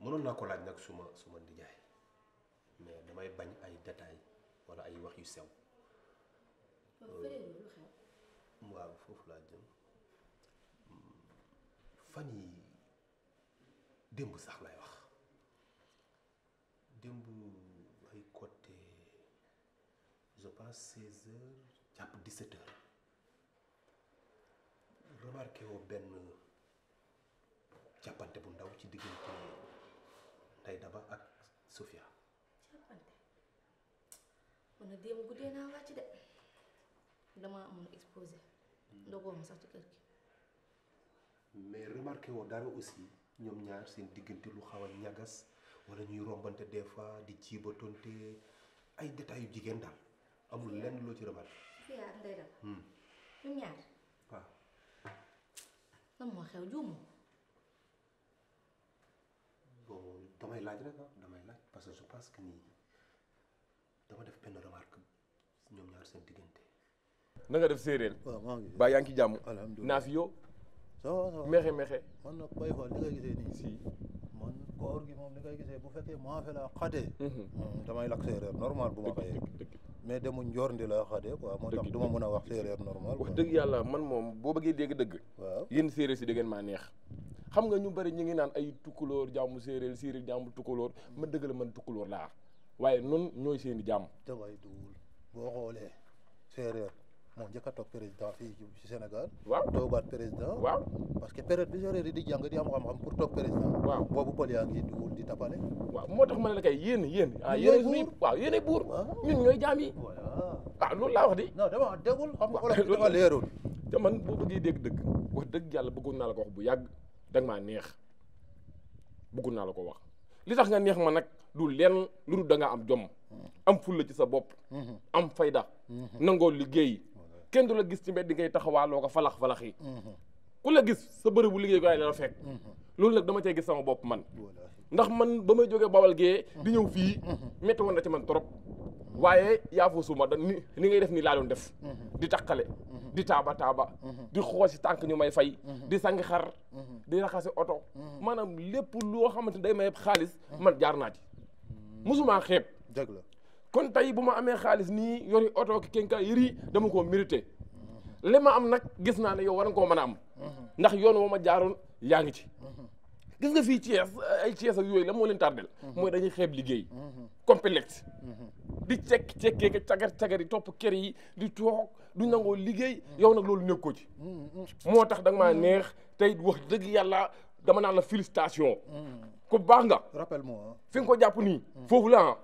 mënoon naa ko laaj nag su ma su ma mais damay bañ ay détails walla ay wax yu sew. waaw foofu laa jëm fan yi démb sax lay wax démb ay côté je pense seize heures jàpp dix-sept heures remarqué woo benn jàppante bu ndaw ci diggante Ndeye Daba ak Sofia. jàppante man démb guddee naa wàcc de damaa amoon exposé. Hmm. ndogoo sax ci kër gi. mais remarqué woo daal aussi ñoom ñaar seen diggante lu xaw ñagas wala ñuy rombante des fois di jiibatonte ay détails yu jigéen daal amul lenn loo ci remarqué. Sofia ak Ndeye Daba. Hmm. ñoom ñaar. waaw. moo xew juumu. damay laaj rek damay laaj parce que je pense que nii dama def benn remarque ñoom ñaar seen diggante. na nga def séeréer. waaw ba yaa ngi ci jàmm. alhamdulilah naaf yoo. ça va ça va mexe man na bay xool li nga gisee nii. si man koor gi moom li nga gisee bu fekkee maa fi laa xatee. Mhm. Mm, damay lakk séeréer normal bu ma xëyee. mais demu njoorndi laa xatee quoi moo tax du ma mën a wax séeréer normal. wax dëgg yàlla man moom boo bëggee dégg dëgg. waaw yéen séeréer si dégg maa neex. xam nga ñu bëri ñu ngi naan ay tukkulóor jàmm séeréer séeréer jàmm tukkulóor ma dëgg la man tukkulóor laa waaye nun ñooy seeni jàmm dangay duwul boo xoolee séeréer moom njëkk a toog président fii ci Sénégal waaw toogaat président waaw parce que période bi di jàng di am xam-xam pour toog président waaw boobu pël yaa ngi moo tax man ne la kay yéen yéen ah yéen buur waaw yéen buur ah. ñun ñooy jaam yi waaw ah, loolu laa wax di non dama déggul xam nga wala dafa leerul te man boo bëggee dégg dëgg wax dëgg yàlla bëggoon naa la ko wax bu yàgg danga ma neex bëggu naa la ko wax li tax nga neex ma nag du lenn lu dul da nga am jom am fulla ci sa bopp am fayda nangoo liggéey kenn du la gis ci mbedd ngay taxawaaloo ko falax-falax yi ku la gis sa bërëbu bu liggéey koy la fekk loolu nag dama cee gis sama bopp man ndax man ba may jógee bawal gee di ñëw fii métti woon na ci man trop waaye yaa foo suma da ni ngay def ni laa doon def mhm. di takkale mhm. di taaba taaba mhm. di xoosi tànk ñu may fay di sangi xar di raxasi oto maanaam lépp loo xamante day may xaalis man jaar naa ci mosumaa xeeb dëgg la kon tey bu ma amee xaalis nii yori oto ki kenka yëri dama koo mérité li ma am nag gis naa ne yow war nga koo mën a am ndax yoon woo ma jaaroon yaa ngi ci gis nga fii Thiès ay Thiès ak yooyu la moo leen tardel mooy dañuy xeeb liggéey complexe di cekki cekkee ka cagar cagari topp kër yi di toog du nangoo liggéey yow nag loolu nekkoo ci moo tax da ma maa neex tey wax dëgg yàlla dama naan la félicitation ku baax nga rappelle fi nga ko jàpp nii foofu la ah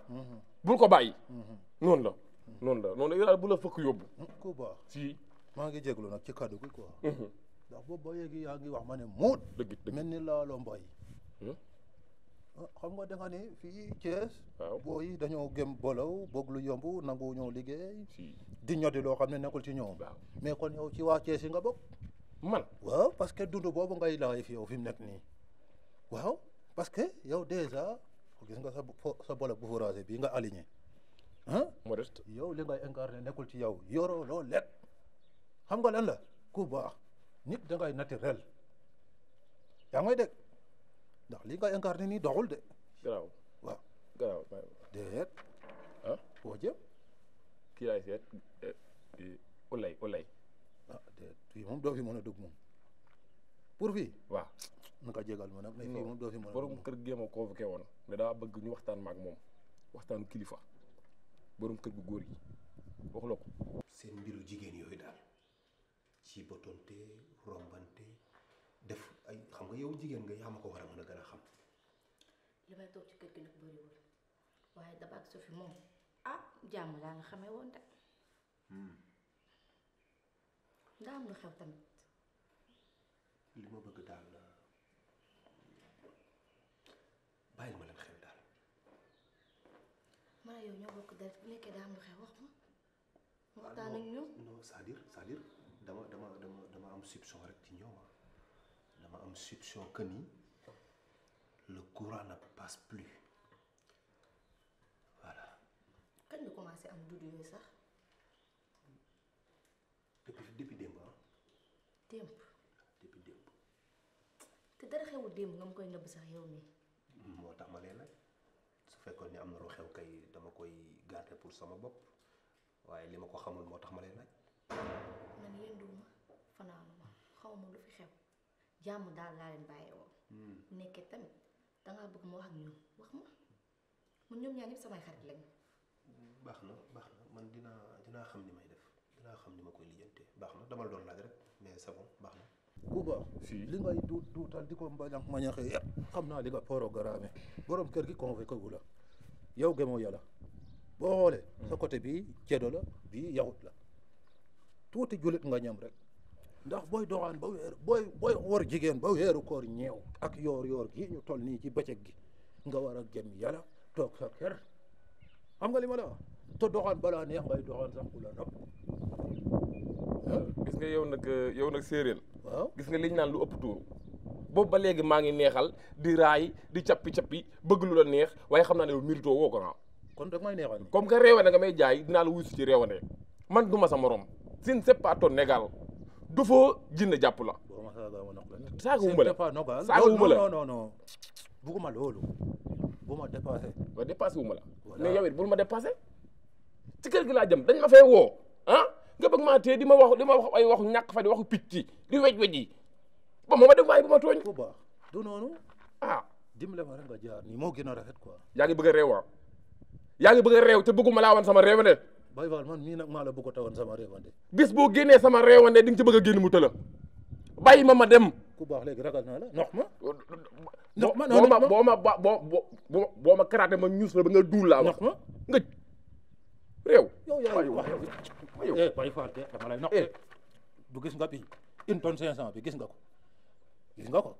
bul ko bàyyi noonu la noonu la noonu la yow daal bu la fëkk yóbbu ko baax si maa ngi jéglu nag ci kaddu gi quoi mhm. ndax boobu ba léegi yaa ngi wax ma ne muut dëgg dëgg mel ni laaloo mbay hmm? xam nga da nga ne fii Thiès. waaw boo yi dañoo gëm bolow boog lu yomb nangu ñoo liggéey. di ñoddi loo xam ne nekkul ci ñoom. mais kon yow ci waa Thiès nga bokk. man waaw parce que dund boobu ngay lay fi yow fi mu nekk nii. waaw parce que yow déjà gis nga sa sa bolow bu bii nga aligné. ah modeste yow li ngay incarné nekkul ci yow yoroo loo lekk xam nga lan la ku baax nit da ngay naturel yaa ngay dégg. ndax li nga ni nii doxul de. garaaw waaw. ah foo jëm. kii laay seet Ulay eh, eh, Ulay. ah déet fii moom doo fi mën a dugg moom. pour fii. waaw na nga jégal ma nag. moom doo fi mën a dugg borom kër gi ma convoqué woon. mais daa bëgg ñu waxtaan ma ak moom waxtaanu kilifa borom kër gu góor yi waxuloo ko. seen mbiru jigéen yooyu daal ci botonte rombante. def ay xam nga yow jigéen nga yaa ma ko war a mën a gën a xam. li may toog ci kër gi nag bëriwul waaye Daba ak Sophie moom ah jàmm laa nga xamee woon de. Hmm. ndaa am lu xew tamit. li ma bëgg daal euh, bàyyil ma leen xew daal. ma ne yow ñoo bokk deret bu nekkee daa am lu xew wax ma. Ah, waxtaan ak ñoom non cest à dama dama dama dama am soupçon rek ci ñoom ah. dama am soupçon que ni le courant ne passe plus voilà. kañ la commencé am dudd yooyu sax. depuis depuis démb ah. démb. depuis démb. te dara xewul démb nga ma koy nëbb sax yow mi moo tax ma leen su fekkoon ni am na lu xew kay dama koy garder pour sama bopp waaye li ma ko xamul moo tax ma leen laaj. man yëndu ma fanaanu jàmm daal laa leen bàyyi woon. Hmm. nekkee tamit dangaa bëgg ma wax ak ñoom wax ma man ñoom ñaar ñëpp samay xarit lañu. baax na baax na man dinaa dinaa xam ni may def dinaa xam ni ma koy lijjantee baax na dama doon laaj rek mais c'est bon baax na. ku baax li ngay duutal di ko mbañax mañaxee yëpp xam naa li nga programme borom kër gi convoqué wu la yow gëmoo yàlla boo xoolee. sa hmm. côté bi ceddo la bii yawut la tuuti jullit nga ñam rek. ndax booy doxaan ba weer booy booy war jigéen ba weeru koor ñeew ak yoor yoor gi ñu tol nii ci bëccëg gi nga war a jëm yàlla toog sa kër xam nga li ma te doxaan balaa neex ngay doxaan sax ku la nopp gis nga yow nag euh, yow nag séeréer gis nga liñ naan lu ëpp tuuru boobu ba léegi maa ngi neexal di raay di cappi-cappi bëgg lu la neex waaye xam naa ne yow mérito woo ko kon dag may neexal comme que réewane nga may jaay dinaa la wuyu si ci réewane man du ma sa moroom sin c'est pas ton égal dofoo jinne jàpp la. saaga wu ma la saaga wu ma la non non non buguma loolu bu ma dépassé. waaw dépassé wu ma la. mais yow it bul ma dépassé. ci kër gi laa jëm dañ ma fay woo ah nga bëgg maa di ma wax di ma wax ay waxu ñàkk fa di waxu di wej wej ba moom a def waaye bu ma tooñ. bu baax du noonu ah. dimbale ma rek nga nii moo gën a rafet quoi. yaa ngi bëgg a réew waaw ah? yaa bëgg a laa wan sama réew ne. Baye Fall man mii nag maa la bëgg a tawoon sama réewande bis boo génnee sama réewande di nga ci bëgg a génn mu tëla bàyyi ma ma dem ku baax léegi ragal naa la nox ma nox ma boo ma boo ma boo boo ma karaate ma ñuus la ba nga duul laa wax ma nga réew yow du gis nga bi une tonne cinq cent bi gis nga ko gis nga ko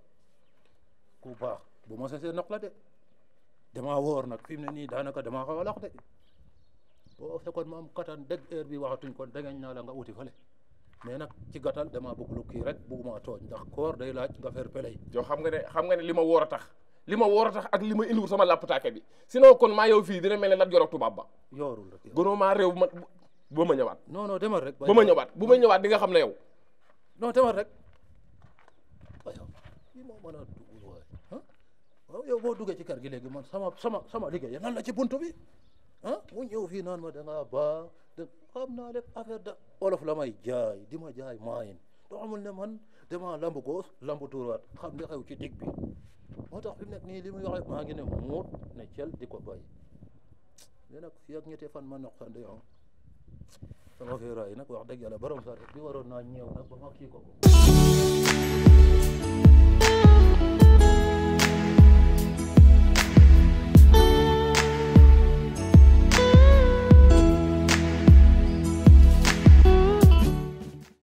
ku baax bu ma sesee nox la de damaa wóor nag fi ne nii daanaka damaa xaw a lox de boo fekkoon mu am kattan dégg heure bi waxatuñ kon dangeen naa la nga uti fële mais nag ci gàttal dama bëgg lu kii rek bëgguma tooñ ndax koor day laaj nga faire peley yow xam nga ne xam nga ne li ma woor a tax li ma woor a tax ak li ma indiwul sama lappataake bi sinon kon maa yow fi dina mel ne Lat Joor ak tubaab ba yoorul rek gënoo maa réew ma ba ma ñëwaat noonoo non demal rek ba ma ñëwaat bu ma ñëwaat di xam ne yow noo demal rek yow li a dugg boo duggee ci kër gi léegi man sama sama sama liggéey nan la ci buntu bi ah mu ñëw fii naan ma da ngaa baax xam naa lépp affaire da olof la may jaay di ma jaay maayin doo xamul ne man dama lamb góos lambu tuuraat xam li xew ci digg bi moo tax fi nekk ni li muy waxee ne muut ne cel di ko bàyyi mais nag fii ak fan ma noqande yow ah. sama feeraay nag wax dëgg yàlla borom waroon naa ñëw nag ba ma kii ko